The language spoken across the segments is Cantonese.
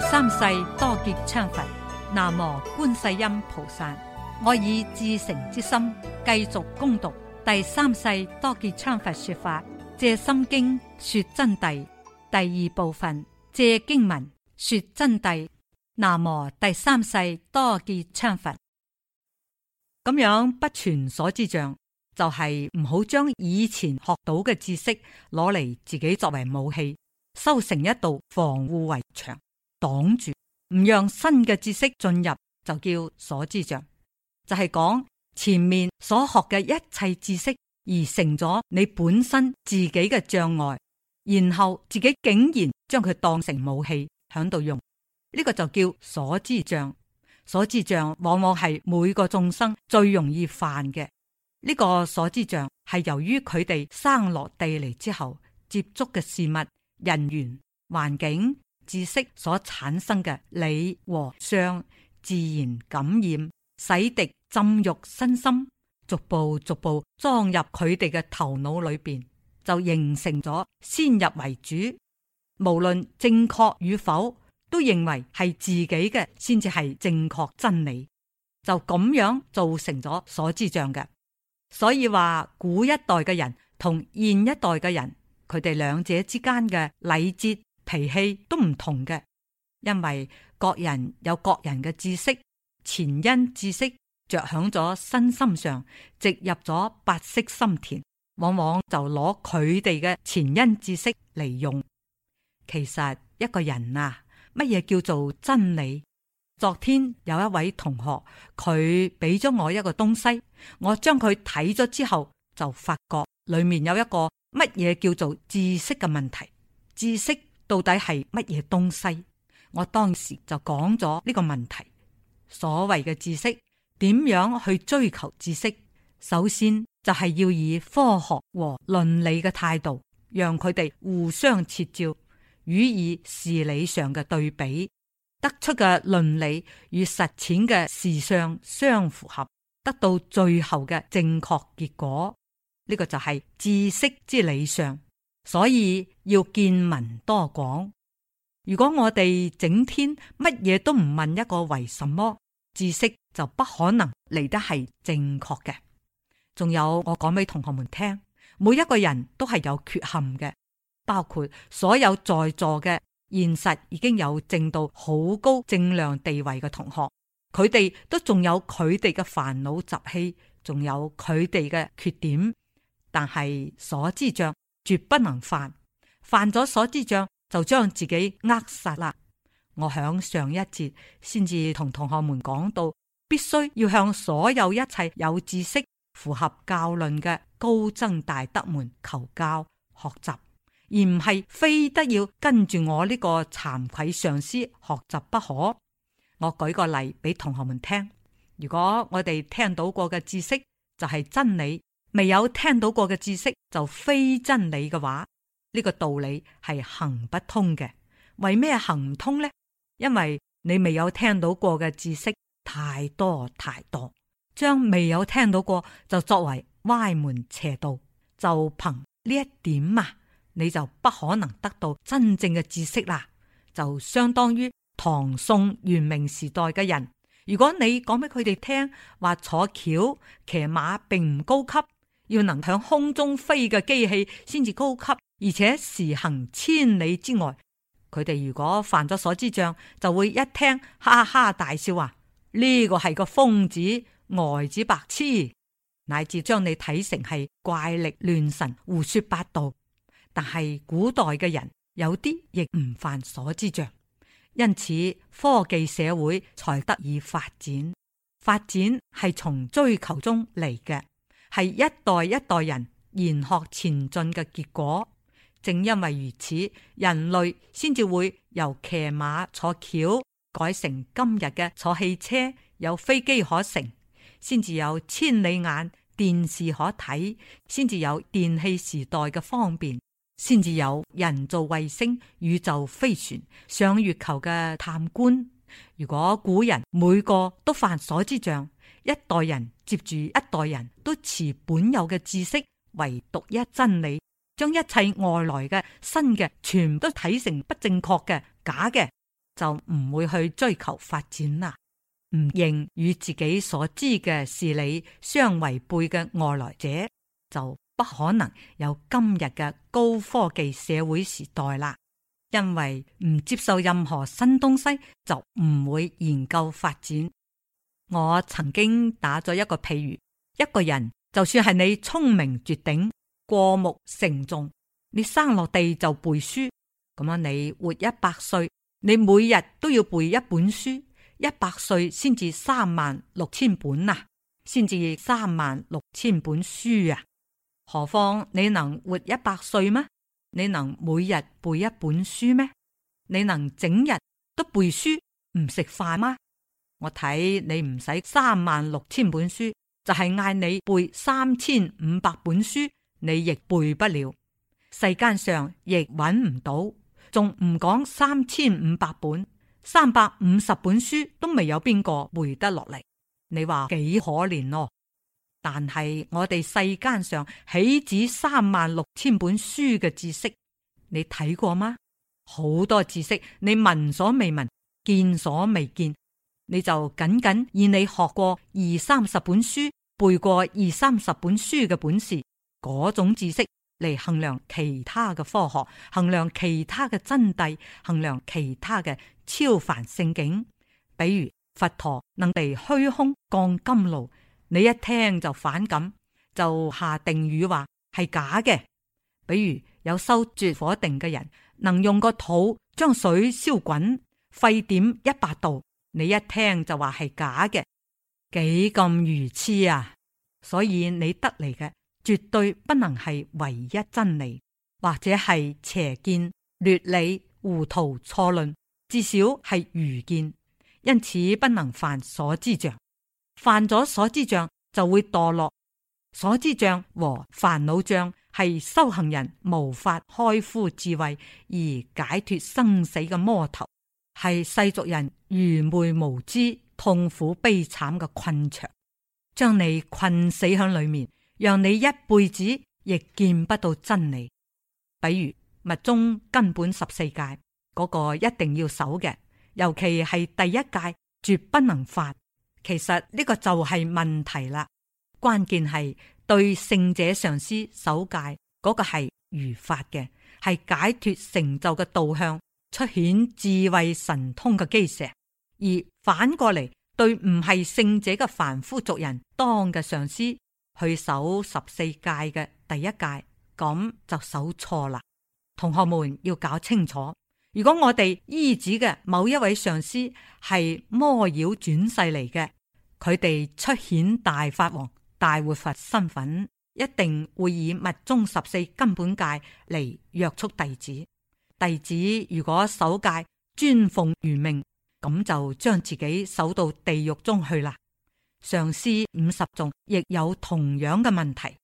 第三世多杰羌佛，南無觀世音菩薩。我以至誠之心繼續攻讀第三世多杰羌佛說法，借心經說真諦第二部分，借經文說真諦。南無第三世多杰羌佛，咁樣不存所知障，就係唔好將以前學到嘅知識攞嚟自己作為武器，修成一道防護圍牆。擋住唔讓新嘅知識進入，就叫所知障，就係講前面所學嘅一切知識而成咗你本身自己嘅障礙，然後自己竟然將佢當成武器喺度用，呢個就叫所知障。所知障往往係每個眾生最容易犯嘅呢個所知障，係由於佢哋生落地嚟之後接觸嘅事物、人員、環境。知識所產生嘅理和相自然感染，洗滌浸入身心，逐步逐步裝入佢哋嘅頭腦裏邊，就形成咗先入為主。無論正確與否，都認為係自己嘅先至係正確真理，就咁樣造成咗所知障嘅。所以話，古一代嘅人同現一代嘅人，佢哋兩者之間嘅禮節。脾氣都唔同嘅，因為各人有各人嘅知識，前因知識着響咗身心上，植入咗白色心田，往往就攞佢哋嘅前因知識嚟用。其實一個人啊，乜嘢叫做真理？昨天有一位同學，佢俾咗我一個東西，我將佢睇咗之後，就發覺裏面有一個乜嘢叫做知識嘅問題。知識。到底係乜嘢東西？我當時就講咗呢個問題。所謂嘅知識，點樣去追求知識？首先就係、是、要以科學和倫理嘅態度，讓佢哋互相切照，予以事理上嘅對比，得出嘅倫理與實踐嘅事相相符合，得到最後嘅正確結果。呢、這個就係知識之理想」。所以要見聞多廣。如果我哋整天乜嘢都唔問一個為什麼，知識就不可能嚟得係正確嘅。仲有我講俾同學們聽，每一個人都係有缺陷嘅，包括所有在座嘅現實已經有正到好高正量地位嘅同學，佢哋都仲有佢哋嘅煩惱習氣，仲有佢哋嘅缺點，但係所知障。絕不能犯，犯咗所知障就將自己扼殺啦。我響上一節先至同同學們講到，必須要向所有一切有知識、符合教論嘅高僧大德們求教學習，而唔係非得要跟住我呢個慚愧上司學習不可。我舉個例俾同學們聽，如果我哋聽到過嘅知識就係、是、真理。未有聽到過嘅知識就非真理嘅話，呢、這個道理係行不通嘅。為咩行唔通呢？因為你未有聽到過嘅知識太多太多，將未有聽到過就作為歪門邪道，就憑呢一點啊，你就不可能得到真正嘅知識啦。就相當於唐宋元明時代嘅人，如果你講俾佢哋聽話，坐轎騎馬並唔高級。要能向空中飛嘅機器先至高級，而且時行千里之外。佢哋如果犯咗所知障，就會一聽哈哈大笑啊！呢、這個係個瘋子、呆子、白痴，乃至將你睇成係怪力亂神、胡說八道。但係古代嘅人有啲亦唔犯所知障，因此科技社會才得以發展。發展係從追求中嚟嘅。係一代一代人研學前進嘅結果，正因為如此，人類先至會由騎馬坐轎改成今日嘅坐汽車，有飛機可乘，先至有千里眼、電視可睇，先至有電器時代嘅方便，先至有人造衛星、宇宙飛船上月球嘅探觀。如果古人每個都犯所知障。一代人接住一代人都持本有嘅知識為獨一真理，將一切外來嘅新嘅，全部都睇成不正確嘅假嘅，就唔會去追求發展啦。唔認與自己所知嘅事理相違背嘅外來者，就不可能有今日嘅高科技社會時代啦。因為唔接受任何新東西，就唔會研究發展。我曾經打咗一個譬如，一個人就算係你聰明絕頂、過目成誦，你生落地就背書，咁樣你活一百歲，你每日都要背一本書，一百歲先至三萬六千本啊，先至三萬六千本書啊，何況你能活一百歲嗎？你能每日背一本書咩？你能整日都背書唔食飯嗎？我睇你唔使三萬六千本書，就係嗌你背三千五百本書，你亦背不了，世間上亦揾唔到，仲唔講三千五百本，三百五十本書都未有邊個背得落嚟，你話幾可憐咯。但係我哋世間上豈止三萬六千本書嘅知識，你睇過嗎？好多知識你聞所未聞，見所未見。你就僅僅以你學過二三十本書、背過二三十本書嘅本事嗰種知識嚟衡量其他嘅科學，衡量其他嘅真諦，衡量其他嘅超凡聖境。比如佛陀能地虛空降金爐，你一聽就反感，就下定語話係假嘅。比如有收絕火定嘅人，能用個肚將水燒滾，沸點一百度。你一聽就話係假嘅，幾咁愚癡啊！所以你得嚟嘅絕對不能係唯一真理，或者係邪見、劣理、糊塗錯論，至少係愚見，因此不能犯所知障。犯咗所知障就會墮落，所知障和煩惱障係修行人無法開敷智慧而解脱生死嘅魔頭。係世俗人愚昧無知、痛苦悲慘嘅困場，將你困死響裏面，讓你一輩子亦見不到真理。比如密宗根本十四戒嗰、那個一定要守嘅，尤其係第一戒絕不能犯。其實呢個就係問題啦。關鍵係對聖者上師守戒嗰、那個係如法嘅，係解脱成就嘅導向。出顯智慧神通嘅基石，而反過嚟對唔係聖者嘅凡夫俗人當嘅上師去守十四戒嘅第一戒，咁就守錯啦。同學們要搞清楚，如果我哋依止嘅某一位上師係魔妖轉世嚟嘅，佢哋出顯大法王、大活佛身份，一定會以密宗十四根本戒嚟約束弟子。弟子如果守戒尊奉如命，咁就將自己守到地獄中去啦。上師五十頌亦有同樣嘅問題，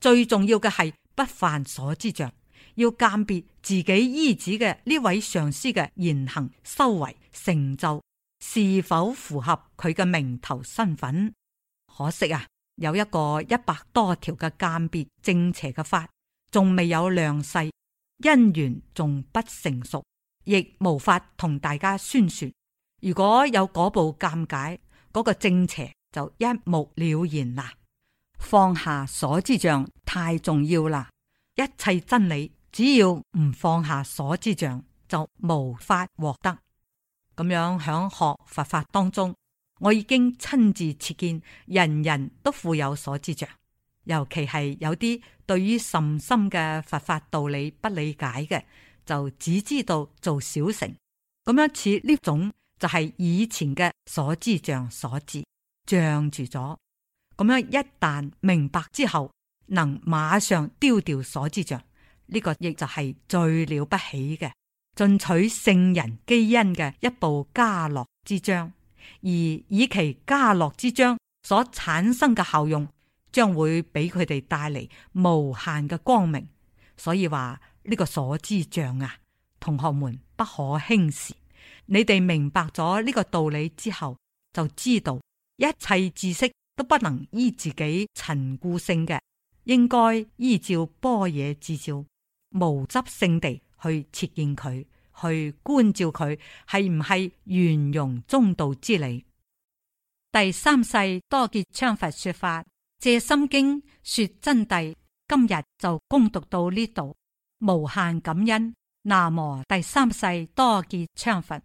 最重要嘅係不犯所知障，要鑒別自己依止嘅呢位上師嘅言行、修為、成就是否符合佢嘅名頭身份。可惜啊，有一個一百多條嘅鑒別正邪嘅法，仲未有量世。因緣仲不成熟，亦無法同大家宣說。如果有嗰部見解，嗰、那個正邪就一目了然啦。放下所知障太重要啦，一切真理只要唔放下所知障，就無法獲得。咁樣響學佛法當中，我已經親自切見，人人都富有所知障。尤其係有啲對於甚深嘅佛法道理不理解嘅，就只知道做小成，咁樣似呢種就係、是、以前嘅所知障，所知障住咗。咁樣一旦明白之後，能馬上丟掉所知障，呢、這個亦就係最了不起嘅，進取聖人基因嘅一部「家樂之章，而以其家樂之章所產生嘅效用。將會俾佢哋帶嚟無限嘅光明，所以話呢個所知障啊，同學們不可輕視。你哋明白咗呢個道理之後，就知道一切知識都不能依自己陳固性嘅，應該依照般若自照，無執性地去確認佢，去觀照佢係唔係圓融中道之理。第三世多杰羌佛說法。藉心經說真諦，今日就恭讀到呢度，無限感恩，南無第三世多杰羌佛。